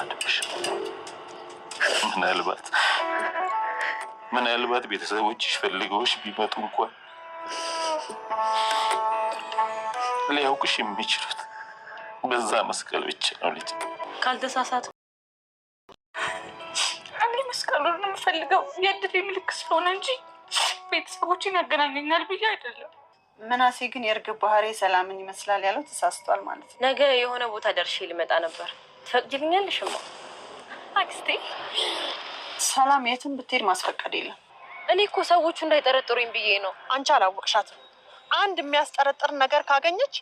አለብሽ። ምናልባት ምናልባት ቤተሰቦችሽ ፈልገውሽ ቢመጡ እንኳን ሊያውቅሽ የሚችሉት በዛ መስቀል ብቻ ነው። ልጅ ካልተሳሳት እኔ መስቀሉን የምፈልገው የእድል ምልክት ስለሆነ እንጂ ቤተሰቦችን ያገናኘኛል ብዬ አይደለም። ምናሴ ግን የእርግብ ባህሪ ሰላምን ይመስላል ያለው ተሳስቷል ማለት ነው። ነገ የሆነ ቦታ ደርሼ ልመጣ ነበር። ትፈቅጂልኛለሽ? እማ አክስቴ፣ ሰላም የትም ብትሄድ ማስፈቀድ የለም። እኔ እኮ ሰዎቹ እንዳይጠረጥሩኝ ብዬ ነው። አንቺ አላወቅሻትም። አንድ የሚያስጠረጥር ነገር ካገኘች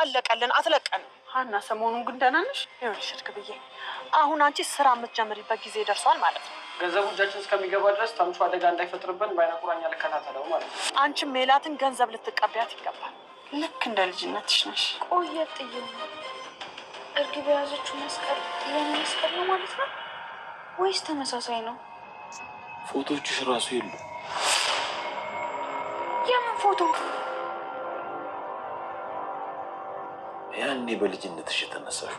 አለቀልን፣ አትለቀን። ሀና፣ ሰሞኑን ግን ደህና ነሽ? ይኸውልሽ እርግ ብዬ አሁን አንቺ ስራ የምትጀምሪበት ጊዜ ደርሷል ማለት ነው። ገንዘቡ እጃችን እስከሚገባ ድረስ ተምቹ አደጋ እንዳይፈጥርብን በዓይነ ቁራኛ ልከታተለው ማለት ነው። አንቺም ሜላትን ገንዘብ ልትቀቢያት ይገባል። ልክ እንደ ልጅነትሽ ነሽ። ቆየት እርግብ የያዘችው መስቀል የኔ መስቀል ነው ማለት ነው ወይስ ተመሳሳይ ነው? ፎቶዎችሽ ራሱ የሉ። የምን ፎቶ? ያኔ በልጅነትሽ የተነሳሽ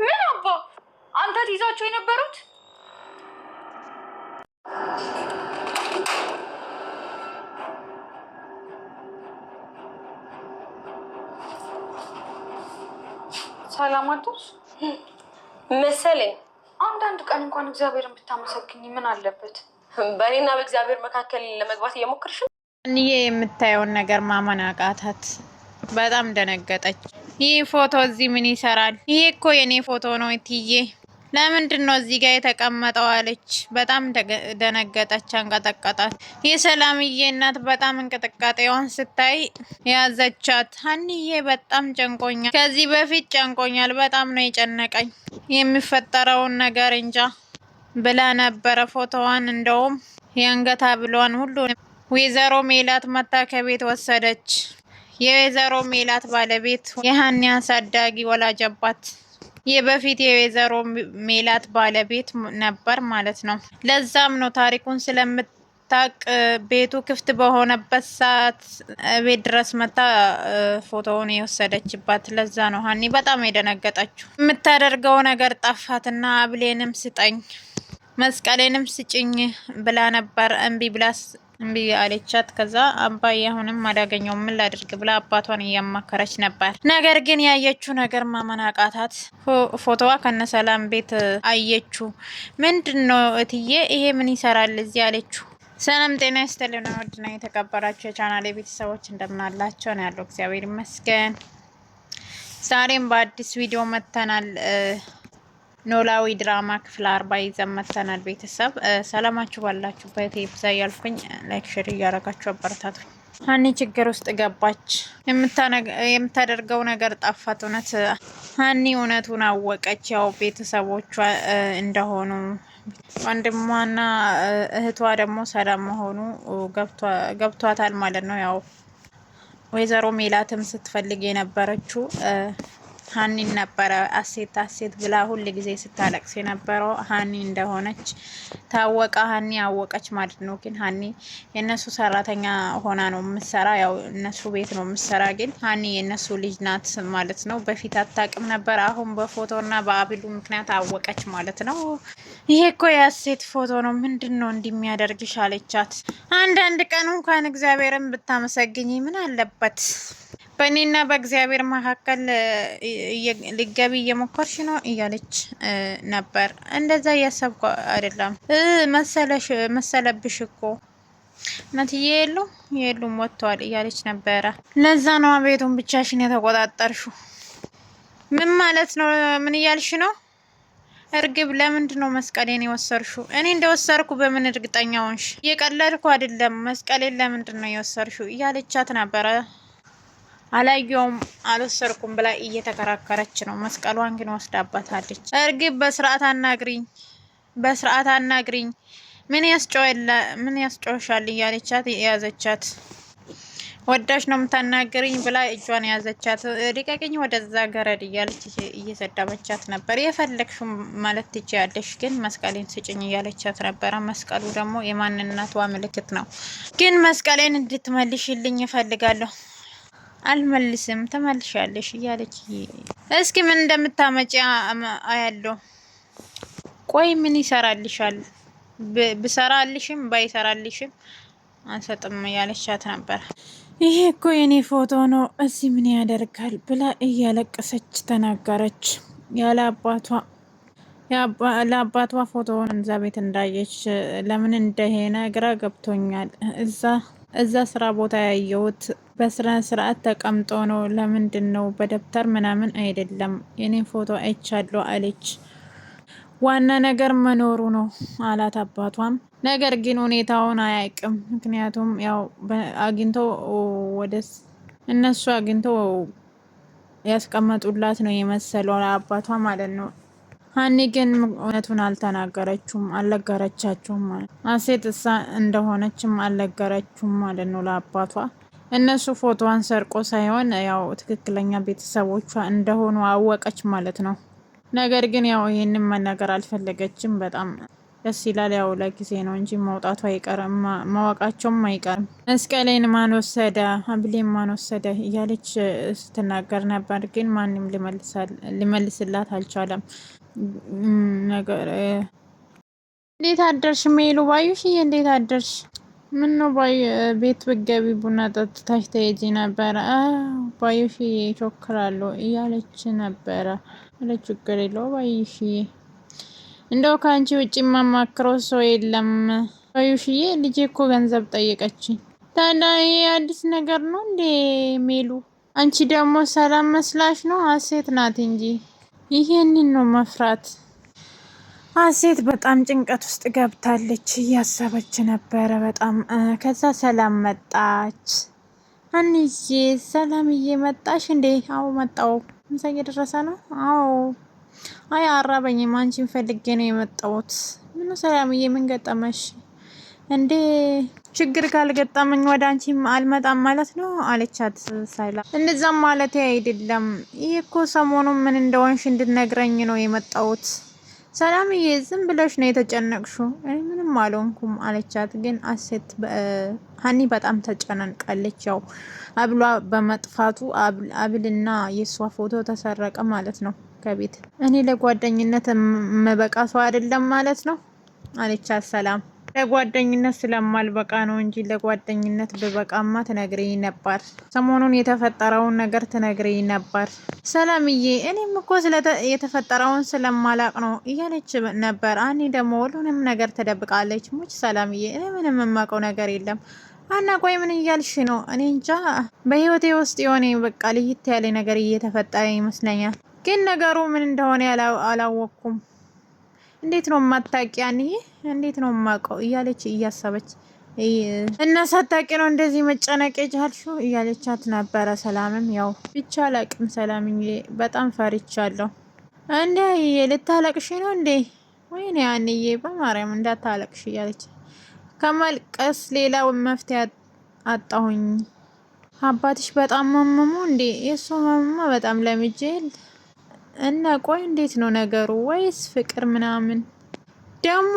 ምን አባ አንተ ትይዛቸው የነበሩት ሰላም አደርሽ መሰለኝ። አንዳንድ ቀን እንኳን እግዚአብሔርን ብታመሰግኝ ምን አለበት? በእኔና በእግዚአብሔር መካከል ለመግባት እየሞከርሽ እንዬ። የምታየውን ነገር ማመን አቃታት። በጣም ደነገጠች። ይህ ፎቶ እዚህ ምን ይሰራል? ይሄ እኮ የእኔ ፎቶ ነው ትዬ ለምንድን ነው እዚህ ጋር የተቀመጠው አለች። በጣም ደነገጠች፣ አንቀጠቀጣት። የሰላምዬ እናት በጣም እንቅጥቃጤዋን ስታይ ያዘቻት። ሀኒዬ በጣም ጨንቆኛል፣ ከዚህ በፊት ጨንቆኛል። በጣም ነው የጨነቀኝ የሚፈጠረውን ነገር እንጃ ብላ ነበረ። ፎቶዋን እንደውም የአንገት ሀብሏን ሁሉ ወይዘሮ ሜላት መታ ከቤት ወሰደች። የወይዘሮ ሜላት ባለቤት የሀኒ አሳዳጊ ወላጅ አባት የበፊት የወይዘሮ ሜላት ባለቤት ነበር ማለት ነው። ለዛም ነው ታሪኩን ስለምታቅ ቤቱ ክፍት በሆነበት ሰዓት ቤት ድረስ መታ ፎቶውን የወሰደችባት። ለዛ ነው ሀኒ በጣም የደነገጠችው። የምታደርገው ነገር ጠፋትና አብሌንም ስጠኝ መስቀሌንም ስጭኝ ብላ ነበር እምቢ ብላ እምቢ አለቻት። ከዛ አባዬ አሁንም አላገኘው ምን ላድርግ ብላ አባቷን እያማከረች ነበር። ነገር ግን ያየችው ነገር ማመን አቃታት። ፎቶዋ ከነሰላም ቤት አየችው። ምንድን ነው እትዬ ይሄ ምን ይሰራል እዚህ አለችው። ሰላም ጤና ይስጥልን ውድና የተከበራችሁ የቻናሌ ቤተሰቦች እንደምናላቸው ነው ያለው። እግዚአብሔር ይመስገን። ዛሬም በአዲስ ቪዲዮ መጥተናል። ኖላዊ ድራማ ክፍል አርባ ይዘን መጥተናል። ቤተሰብ ሰላማችሁ ባላችሁበት ይብዛ እያልኩኝ ላይክ፣ ሼር እያረጋችሁ አበረታቱኝ። ሀኒ ችግር ውስጥ ገባች። የምታደርገው ነገር ጣፋት። እውነት ሀኒ እውነቱን አወቀች። ያው ቤተሰቦቿ እንደሆኑ ወንድሟና እህቷ ደግሞ ሰላም መሆኑ ገብቷታል ማለት ነው። ያው ወይዘሮ ሜላትም ስትፈልግ የነበረችው ሀኒን ነበረ አሴት አሴት ብላ ሁል ጊዜ ስታለቅስ የነበረው ሀኒ እንደሆነች ታወቀ። ሀኒ አወቀች ማለት ነው። ግን ሀኒ የእነሱ ሰራተኛ ሆና ነው የምትሰራ፣ ያው እነሱ ቤት ነው የምትሰራ። ግን ሀኒ የእነሱ ልጅ ናት ማለት ነው። በፊት አታውቅም ነበር። አሁን በፎቶና በአብሉ ምክንያት አወቀች ማለት ነው። ይሄ እኮ የአሴት ፎቶ ነው። ምንድን ነው እንደሚያደርግሽ አለቻት። አንዳንድ ቀን እንኳን እግዚአብሔርን ብታመሰግኝ ምን አለበት? በእኔና በእግዚአብሔር መካከል ልገቢ እየሞከርሽ ነው እያለች ነበር። እንደዛ እያሰብኩ አይደለም መሰለብሽ እኮ እናትዬ የሉ የሉም ወጥተዋል እያለች ነበረ። ለዛ ነው ቤቱን ብቻሽን የተቆጣጠርሽው። ምን ማለት ነው? ምን እያልሽ ነው? እርግብ ለምንድን ነው መስቀሌን የወሰድሽው? እኔ እንደወሰድኩ በምን እርግጠኛ ሆንሽ? እየቀለድኩ አይደለም። መስቀሌን ለምንድን ነው የወሰድሽው? እያለቻት ነበረ አላየውም አልወሰድኩም ብላ እየተከራከረች ነው። መስቀሏን ግን ወስዳባታለች። እርግብ በስርዓት አናግሪኝ፣ በስርዓት አናግሪኝ፣ ምን ያስጨውሻል እያለቻት የያዘቻት ወዳሽ ነው የምታናግርኝ ብላ እጇን ያዘቻት። ሊቀቅኝ ወደዛ ገረድ እያለች እየሰዳበቻት ነበር። የፈለግሽው ማለት ትችያለሽ፣ ግን መስቀሌን ስጭኝ እያለቻት ነበረ። መስቀሉ ደግሞ የማንነቷ ምልክት ነው። ግን መስቀሌን እንድትመልሽልኝ እፈልጋለሁ አልመልስም ተመልሻለሽ እያለች እስኪ ምን እንደምታመጪ አያለሁ። ቆይ ምን ይሰራልሻል? ብሰራልሽም ባይሰራልሽም አንሰጥም ያለቻት ነበር። ይሄ እኮ የኔ ፎቶ ነው እዚህ ምን ያደርጋል ብላ እያለቀሰች ተናገረች። ያለ አባቷ ለአባቷ ፎቶውን እዛ ቤት እንዳየች ለምን እንደሄነ ግራ ገብቶኛል እዛ እዛ ስራ ቦታ ያየሁት በስነ ስርዓት ተቀምጦ ነው። ለምንድን ነው በደብተር ምናምን አይደለም። የኔን ፎቶ አይቻለሁ አለች። ዋና ነገር መኖሩ ነው አላት አባቷም። ነገር ግን ሁኔታውን አያውቅም። ምክንያቱም ያው አግኝቶ ወደ እነሱ አግኝቶ ያስቀመጡላት ነው የመሰለው አባቷ ማለት ነው። ሀኒ ግን እውነቱን አልተናገረችውም፣ አልነገረቻቸውም ማለት አሴት እሳ እንደሆነችም አልነገረችውም ማለት ነው ለአባቷ። እነሱ ፎቶዋን ሰርቆ ሳይሆን ያው ትክክለኛ ቤተሰቦቿ እንደሆኑ አወቀች ማለት ነው። ነገር ግን ያው ይህንን መነገር አልፈለገችም። በጣም ደስ ይላል። ያው ለጊዜ ነው እንጂ መውጣቱ አይቀርም፣ ማወቃቸውም አይቀርም። መስቀሌን ማን ወሰደ፣ ሀብሌን ማን ወሰደ እያለች ስትናገር ነበር። ግን ማንም ሊመልስላት አልቻለም። ነገር እንዴት አደርሽ? ሜሉ ባዩሽዬ፣ እንዴት አደርሽ? ምን ነው ባዩ፣ ቤት ብገቢ ቡና ጠጥታሽ ተሄጂ ነበረ። ባዩሽዬ፣ ይቾክራሉ እያለች ነበረ። አለ ችግር የለው ባዩሽዬ፣ እንደው ከአንቺ ውጭ የማማክረው ሰው የለም ባዩሽዬ። ልጄ እኮ ገንዘብ ጠየቀችኝ። ታዲያ አዲስ ነገር ነው እንዴ ሜሉ? አንቺ ደግሞ ሰላም መስላሽ ነው፣ አሴት ናት እንጂ ይሄንን ነው መፍራት። አሴት በጣም ጭንቀት ውስጥ ገብታለች፣ እያሰበች ነበረ በጣም ከዛ ሰላም መጣች። አንዬ ሰላምዬ መጣሽ እንዴ? አዎ መጣው። ምሳ እየደረሰ ነው? አዎ። አይ አራበኝም፣ አንቺን ፈልጌ ነው የመጣሁት። ምነው ሰላምዬ ምን ገጠመሽ? እንዴ ችግር ካልገጠመኝ ወደ አንቺ አልመጣም ማለት ነው አለቻት ሳይላ። እንደዛም ማለት አይደለም፣ ይህ እኮ ሰሞኑን ምን እንደሆንሽ እንድነግረኝ ነው የመጣሁት። ሰላምዬ ዝም ብለሽ ነው የተጨነቅሽው። እኔ ምንም አልሆንኩም አለቻት። ግን አሴት ሀኒ በጣም ተጨናንቃለች። ያው አብሏ በመጥፋቱ አብልና የእሷ ፎቶ ተሰረቀ ማለት ነው ከቤት። እኔ ለጓደኝነት መበቃ ሰው አይደለም ማለት ነው አለቻት ሰላም ለጓደኝነት ስለማልበቃ ነው እንጂ ለጓደኝነት ብበቃማ ትነግረኝ ነበር። ሰሞኑን የተፈጠረውን ነገር ትነግረኝ ነበር ሰላምዬ። እኔም እኮ የተፈጠረውን ስለማላቅ ነው እያለች ነበር። አኔ ደግሞ ሁሉንም ነገር ትደብቃለች። ሙች ሰላምዬ፣ እኔ ምንም የማውቀው ነገር የለም። አና ቆይ ምን እያልሽ ነው? እኔ እንጃ በህይወቴ ውስጥ የሆነ በቃ ልይት ያለ ነገር እየተፈጠረ ይመስለኛል፣ ግን ነገሩ ምን እንደሆነ አላወቅኩም። እንዴት ነው የማታውቂ? ያንዬ እንዴት ነው የማውቀው እያለች እያሰበች እና ሳታውቂ ነው እንደዚህ መጨነቅ የቻልሽው እያለቻት ነበረ። ሰላምም ያው ብቻ አላቅም ሰላምዬ፣ በጣም ፈርቻለሁ። እንዴ ልታለቅሽ ነው እንዴ? ወይኔ ያንዬ፣ በማርያም እንዳታለቅሽ እያለች ከማልቀስ ሌላ መፍትሄ አጣሁኝ። አባትሽ በጣም መመሙ እንዴ? የሱ መመማ በጣም ለምጄል እና ቆይ እንዴት ነው ነገሩ? ወይስ ፍቅር ምናምን ደግሞ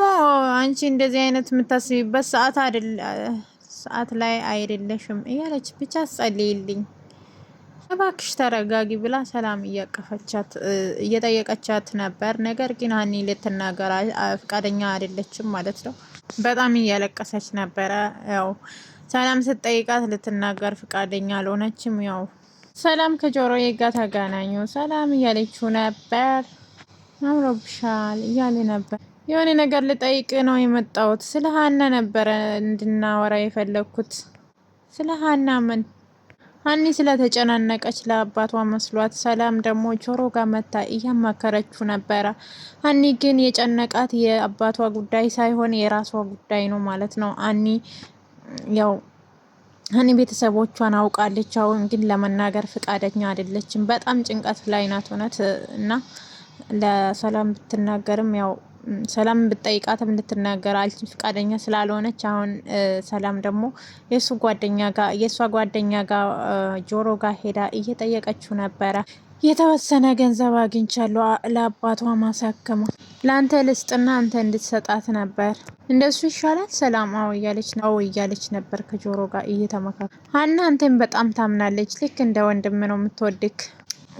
አንቺ እንደዚህ አይነት የምታስቢበት ሰዓት አይደል ሰዓት ላይ አይደለሽም እያለች ብቻ ጸልይልኝ እባክሽ ተረጋጊ ብላ ሰላም እያቀፈቻት እየጠየቀቻት ነበር። ነገር ግን ሀኒ ልትናገር ፍቃደኛ አይደለችም ማለት ነው። በጣም እያለቀሰች ነበረ። ያው ሰላም ስትጠይቃት ልትናገር ፍቃደኛ አልሆነችም ያው ሰላም ከጆሮዬ ጋር ተገናኙ ሰላም እያለችው ነበር። አምሮብሻል እያለ ነበር። የሆነ ነገር ልጠይቅ ነው የመጣሁት። ስለ ሀና ነበረ እንድናወራ የፈለግኩት። ስለ ሀና ምን ሀኒ ስለተጨናነቀች ለአባቷ መስሏት፣ ሰላም ደግሞ ጆሮ ጋር መታ እያማከረችው ነበረ። ሀኒ ግን የጨነቃት የአባቷ ጉዳይ ሳይሆን የራሷ ጉዳይ ነው ማለት ነው። ሀኒ ያው ሀኒ ቤተሰቦቿን አውቃለች። አሁን ግን ለመናገር ፍቃደኛ አይደለችም። በጣም ጭንቀት ላይ ናት እውነት እና ለሰላም ብትናገርም ያው ሰላም ብትጠይቃትም ልትናገር አልችል ፍቃደኛ ስላልሆነች አሁን ሰላም ደግሞ የእሱ ጓደኛ ጋር የእሷ ጓደኛ ጋር ጆሮ ጋር ሄዳ እየጠየቀችው ነበረ። የተወሰነ ገንዘብ አግኝቻለሁ ለአባቷ ማሳከሟ ለአንተ ልስጥና አንተ እንድትሰጣት ነበር። እንደሱ ይሻላል ሰላም አዎ እያለች ነው እያለች ነበር ከጆሮ ጋር እየተመካከ ሀና አንተን በጣም ታምናለች። ልክ እንደ ወንድም ነው የምትወድክ።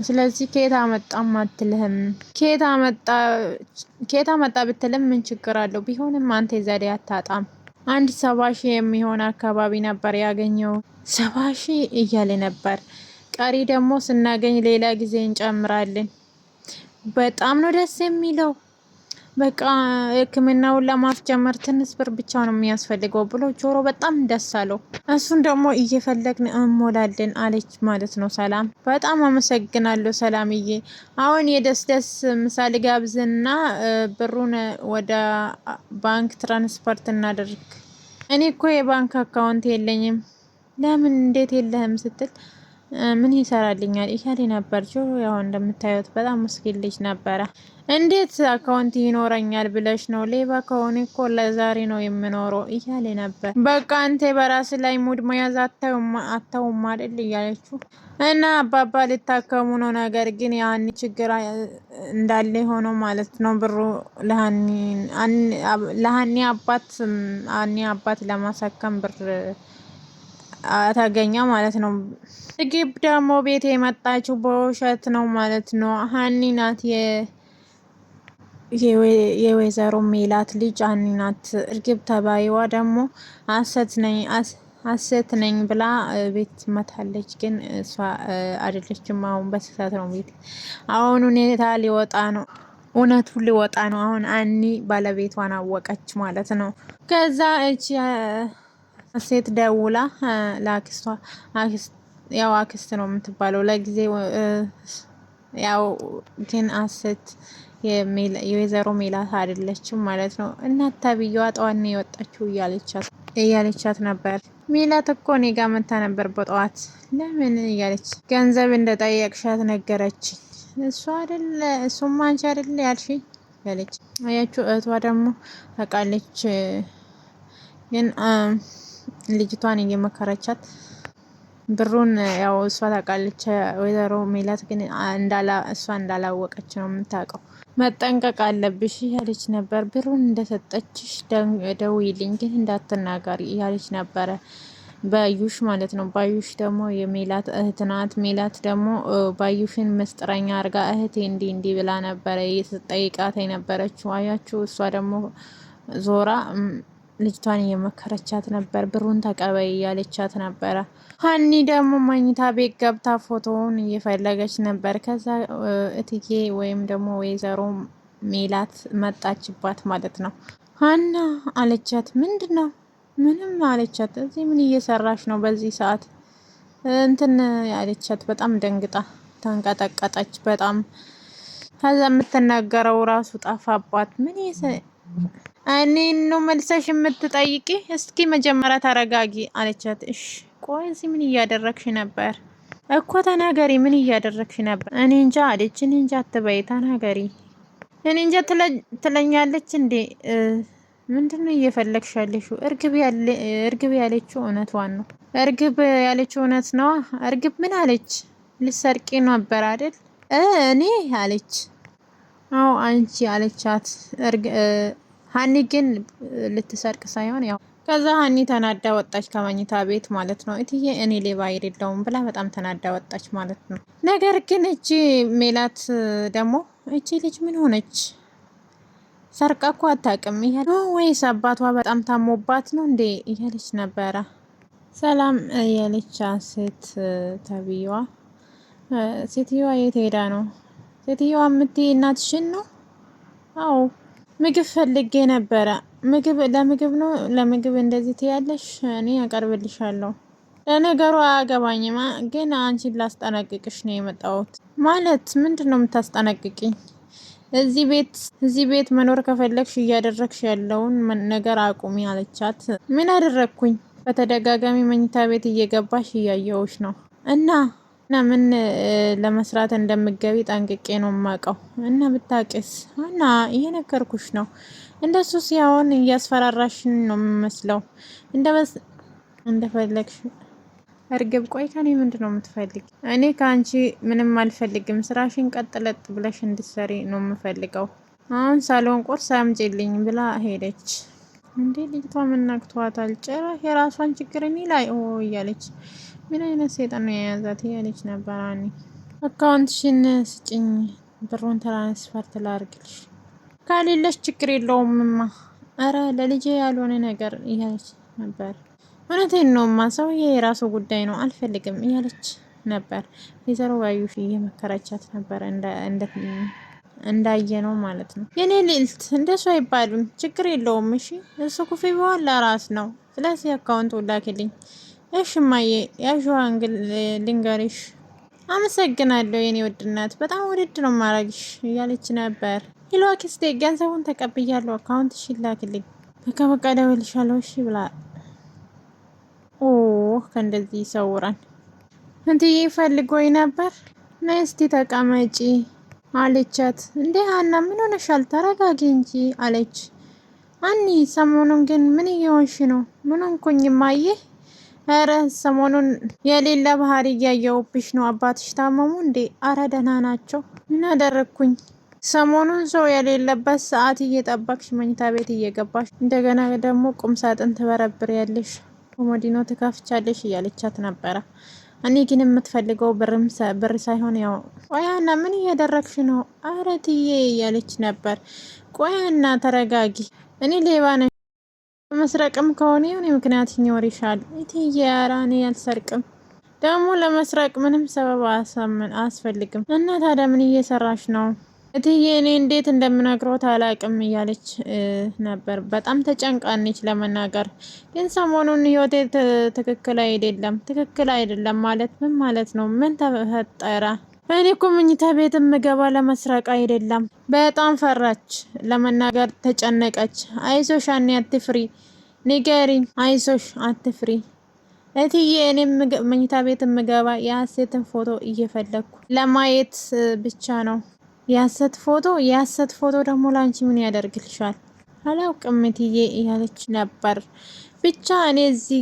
ስለዚህ ከየት አመጣም አትልህም። ከየት አመጣ ብትልም ምን ችግር አለው? ቢሆንም አንተ ዘዴ አታጣም። አንድ ሰባ ሺህ የሚሆን አካባቢ ነበር ያገኘው። ሰባ ሺህ እያለ ነበር ቀሪ ደግሞ ስናገኝ ሌላ ጊዜ እንጨምራለን። በጣም ነው ደስ የሚለው። በቃ ሕክምናውን ለማስጀመር ትንሽ ብር ብቻ ነው የሚያስፈልገው ብሎ ጆሮ በጣም ደስ አለው። እሱን ደግሞ እየፈለግን እሞላለን አለች ማለት ነው ሰላም። በጣም አመሰግናለሁ ሰላምዬ። አሁን የደስ ደስ ምሳሌ ጋብዝና ብሩን ወደ ባንክ ትራንስፖርት እናደርግ። እኔ እኮ የባንክ አካውንት የለኝም። ለምን እንዴት የለህም ስትል ምን ይሰራልኛል እያለ ነበር። ጆሮ ያው እንደምታዩት በጣም ምስኪን ልጅ ነበረ። እንዴት አካውንት ይኖረኛል ብለሽ ነው? ሌባ ከሆነ እኮ ለዛሬ ነው የምኖረው እያለ ነበር። በቃ አንተ በራስ ላይ ሙድ መያዝ አታውም አይደል እያለችው እና አባባ ልታከሙ ነው። ነገር ግን የሀኒ ችግር እንዳለ ሆኖ ማለት ነው ብሩ ለሀኒ አባት ለማሳከም ብር ተገኘ ማለት ነው። እርግብ ደግሞ ቤት የመጣችው በውሸት ነው ማለት ነው። ሀኒ ናት የወይዘሮ ሜላት ልጅ ሀኒ ናት። እርግብ ተባይዋ ደግሞ አሰት ነኝ ነኝ ብላ ቤት መታለች። ግን እሷ አይደለችም። አሁን በስሳት ነው ቤት አሁን ሁኔታ ሊወጣ ነው፣ እውነቱ ሊወጣ ነው። አሁን አኒ ባለቤቷን አወቀች ማለት ነው። ከዛ እች ሴት ደውላ ለአክስቷ ያው አክስት ነው የምትባለው ለጊዜ ያው ግን አሰት የወይዘሮ ሜላት አይደለችም ማለት ነው። እናት ተብዬዋ ጠዋት ነው የወጣችው እያለቻት ነበር። ሜላት እኮ እኔ ጋር መታ ነበር በጠዋት ለምን እያለች ገንዘብ እንደጠየቅሻት ነገረች። እሱ አይደለ እሱማ አንቺ አይደለ ያልሽኝ ያለች። አያችሁ እህቷ ደግሞ ታውቃለች ግን ልጅቷን እየመከረቻት ብሩን ያው እሷ ታውቃለች። ወይዘሮ ሜላት ግን እሷ እንዳላወቀች ነው የምታውቀው። መጠንቀቅ አለብሽ እያለች ነበር። ብሩን እንደሰጠችሽ ደውይልኝ ግን እንዳትናገር እያለች ነበረ ባዩሽ ማለት ነው። ባዩሽ ደግሞ የሜላት እህት ናት። ሜላት ደግሞ ባዩሽን መስጠረኛ አርጋ እህቴ እንዲ እንዲ ብላ ነበረ እየተጠይቃት የነበረችው። አያችሁ እሷ ደግሞ ዞራ ልጅቷን እየመከረቻት ነበር። ብሩን ተቀበይ እያለቻት ነበረ። ሀኒ ደግሞ መኝታ ቤት ገብታ ፎቶውን እየፈለገች ነበር። ከዛ እትዬ ወይም ደግሞ ወይዘሮ ሜላት መጣችባት ማለት ነው። ሀና አለቻት። ምንድን ነው? ምንም አለቻት። እዚህ ምን እየሰራች ነው በዚህ ሰዓት እንትን አለቻት። በጣም ደንግጣ ተንቀጠቀጠች በጣም ከዛ የምትናገረው ራሱ ጠፋባት። ምን እኔን ነው መልሰሽ የምትጠይቂ? እስኪ መጀመሪያ ተረጋጊ አለቻት። እሽ ቆይ እዚህ ምን እያደረግሽ ነበር እኮ ተናገሪ፣ ምን እያደረግሽ ነበር? እኔ እንጃ አለች። እኔ እንጃ አትበይ፣ ተናገሪ። እኔ እንጃ ትለኛለች እንዴ? ምንድን ነው እየፈለግሽ ያለሽው? እርግብ ያለችው እውነቷን ነው። እርግብ ያለችው እውነት ነዋ። እርግብ ምን አለች? ልሰርቂ ነበር አይደል? እኔ አለች። አዎ አንቺ አለቻት። ሀኒ ግን ልትሰርቅ ሳይሆን ያው ከዛ ሀኒ ተናዳ ወጣች ከመኝታ ቤት ማለት ነው። እትዬ እኔ ሌባ የሌለውም ብላ በጣም ተናዳ ወጣች ማለት ነው። ነገር ግን እቺ ሜላት ደግሞ እቺ ልጅ ምን ሆነች? ሰርቃ እኮ አታውቅም እያለ ወይስ አባቷ በጣም ታሞባት ነው እንዴ እያለች ነበረ። ሰላም እያለች ሴት ተብዬዋ ሴትዮዋ የት ሄዳ ነው? ሴትዮዋ የምትይ እናትሽን ነው? አዎ ምግብ ፈልጌ ነበረ። ምግብ ለምግብ ነው ለምግብ እንደዚህ ትያለሽ? እኔ አቀርብልሻለሁ። ለነገሩ አያገባኝማ፣ ግን አንቺን ላስጠነቅቅሽ ነው የመጣሁት። ማለት ምንድን ነው የምታስጠነቅቅኝ? እዚህ ቤት እዚህ ቤት መኖር ከፈለግሽ እያደረግሽ ያለውን ነገር አቁሚ አለቻት። ምን አደረግኩኝ? በተደጋጋሚ መኝታ ቤት እየገባሽ እያየውሽ ነው እና እና ምን ለመስራት እንደምገቢ ጠንቅቄ ነው የማውቀው። እና ብታውቂስ? እና እየነገርኩሽ ነው። እንደሱ ሲሆን እያስፈራራሽን ነው የምመስለው። እንደፈለግሽ እርግብ። ቆይ ከኔ ምንድን ነው የምትፈልግ? እኔ ከአንቺ ምንም አልፈልግም። ስራሽን ቀጥለጥ ብለሽ እንድትሰሪ ነው የምፈልገው። አሁን ሳሎን ቁርስ አምጪልኝ ብላ ሄደች። እንዴ ልጅቷ ምን ነክቷታል? ጭራሽ የራሷን ችግር እኔ ላይ ኦ እያለች ምን አይነት ሰይጣን ነው የያዛት እያለች ነበር። አኒ አካውንትሽን ስጭኝ ብሩን ትራንስፈር ትላርግልሽ ካሌለሽ ችግር የለውምማ ኧረ ለልጄ ያልሆነ ነገር እያለች ነበር። እውነቴን ነውማ ሰውዬ የራሱ ጉዳይ ነው አልፈልግም እያለች ነበር። ወይዘሮ ባዩሽ እየመከረቻት ነበር እንደ እንዳየ ነው ማለት ነው። የኔ ልዕልት እንደሱ አይባልም። ችግር የለውም። እሺ እሱ ኩፊ ቢሆን ለራስ ነው። ስለዚህ አካውንት ላኪልኝ። እሺ እማዬ፣ ያዥዋን ልንገሪሽ። አመሰግናለሁ የኔ ውድናት፣ በጣም ውድድ ነው ማረግሽ እያለች ነበር። ይሏኪስ ገንዘቡን ተቀብያለሁ፣ አካውንትሽን ላክልኝ። በቃ በቃ እደውልልሻለሁ እሺ ብላ ኦ ከእንደዚህ ይሰውራል። እንትዬ ፈልጎኝ ነበር። ነይ እስቲ ተቀመጪ አለቻት። እንዴ ሀና ምን ሆነሻል? ተረጋጊ እንጂ አለች። አኒ ሰሞኑን ግን ምን እየሆንሽ ነው? ምን ሆንኩኝ እማዬ? ኧረ ሰሞኑን የሌለ ባህሪ እያየሁብሽ ነው። አባትሽ ታመሙ እንዴ? አረ ደህና ናቸው። ምን አደረግኩኝ? ሰሞኑን ሰው የሌለበት ሰዓት እየጠበቅሽ መኝታ ቤት እየገባሽ እንደገና ደግሞ ቁም ሳጥን ትበረብር ያለሽ ኮሞዲኖ ትከፍቻለሽ እያለቻት ነበረ። እኔ ግን የምትፈልገው ብር ሳይሆን ያው ቆያና ምን እያደረግሽ ነው አረትዬ እያለች ነበር። ቆያና ተረጋጊ፣ እኔ ሌባ ነ መስረቅም ከሆነ የሆነ ምክንያት ይኖርሻል እትዬ። ኧረ እኔ አልሰርቅም። ደግሞ ለመስረቅ ምንም ሰበብ አያስፈልግም። እና ታዲያ ምን እየሰራሽ ነው? እትዬ እኔ እንዴት እንደምነግሮት አላቅም እያለች ነበር። በጣም ተጨንቃነች ለመናገር ግን ሰሞኑን ህይወቴ ትክክል አይደለም። ትክክል አይደለም ማለት ምን ማለት ነው? ምን ተፈጠረ? እኔ እኮ ምኝታ ቤት የምገባ ለመስረቅ አይደለም። በጣም ፈራች ለመናገር ተጨነቀች። አይዞሽ አኔ አትፍሪ፣ ንገሪኝ። አይዞሽ አትፍሪ እትዬ እኔ መኝታ ቤት የምገባ የሀሴትን ፎቶ እየፈለግኩ ለማየት ብቻ ነው የሀሰት ፎቶ የሀሰት ፎቶ ደግሞ ላንቺ ምን ያደርግልሻል? አላውቅም እትዬ እያለች ነበር። ብቻ እኔ እዚህ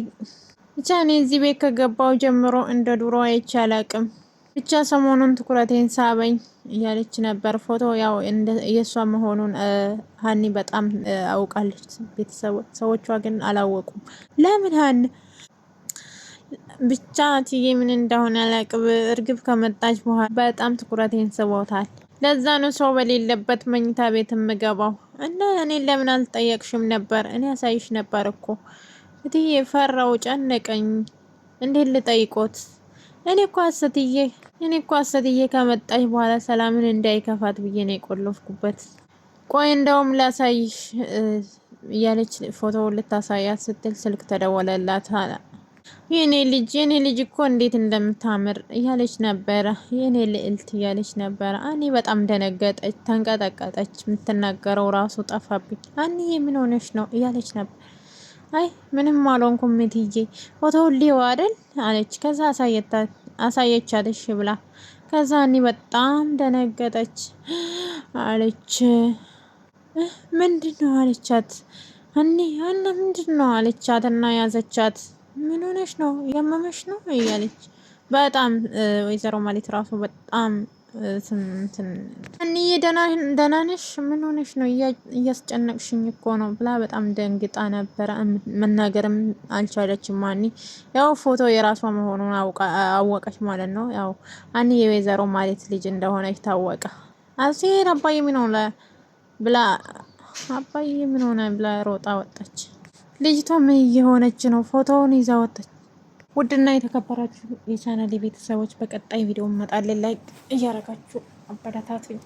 ብቻ እኔ እዚህ ቤት ከገባው ጀምሮ እንደ ድሮ አይቼ አላውቅም። ብቻ ሰሞኑን ትኩረቴን ሳበኝ እያለች ነበር። ፎቶ ያው የእሷ መሆኑን ሀኒ በጣም አውቃለች። ቤተሰቦች ሰዎቿ ግን አላወቁም። ለምን ሀኒ ብቻ ትዬ ምን እንደሆነ አላቅብ። እርግብ ከመጣች በኋላ በጣም ትኩረቴን ስቦታል። ለዛ ነው ሰው በሌለበት መኝታ ቤት የምገባው እና እኔ ለምን አልጠየቅሽም ነበር? እኔ ያሳይሽ ነበር እኮ እትዬ። የፈራው ጨነቀኝ። እንዴት ልጠይቆት? እኔ እኮ አሰትዬ እኔ እኮ አሰትዬ ከመጣሽ በኋላ ሰላምን እንዳይከፋት ብዬ ነው የቆለፍኩበት። ቆይ እንደውም ላሳይሽ እያለች ፎቶውን ልታሳያት ስትል ስልክ ተደወለላት። የኔ ልጅ የኔ ልጅ እኮ እንዴት እንደምታምር እያለች ነበረ። የኔ ልዕልት እያለች ነበረ። አኔ በጣም ደነገጠች፣ ተንቀጠቀጠች። የምትናገረው ራሱ ጠፋብኝ። አኔ ምን ሆነች ነው እያለች ነበር። አይ ምንም አልሆንኩም እትዬ፣ ፎቶው ሊው አይደል አለች። ከዛ አሳየቻት ብላ። ከዛ እኔ በጣም ደነገጠች አለች። ምንድን ነው አለቻት። እኔ አና ምንድን ነው አለቻት እና ያዘቻት ምን ሆነሽ ነው ያመመሽ ነው እያለች በጣም ወይዘሮ ማለት ራሱ በጣም እኔ ደህና ነሽ? ምን ሆነሽ ነው እያስጨነቅሽኝ እኮ ነው ብላ በጣም ደንግጣ ነበረ። መናገርም አልቻለችም። ማኒ ያው ፎቶ የራሷ መሆኑን አወቀች ማለት ነው። ያው አኒ የወይዘሮ ማለት ልጅ እንደሆነ ታወቀ። አሴር አባዬ ምን ሆነ ብላ አባዬ ምን ሆነ ብላ ሮጣ ወጣች። ልጅቷ ምን እየሆነች ነው? ፎቶውን ይዛ ወጣች። ውድና የተከበራችሁ የቻናል ቤተሰቦች በቀጣይ ቪዲዮ መጣልን፣ ላይክ እያረጋችሁ አበረታቱኝ።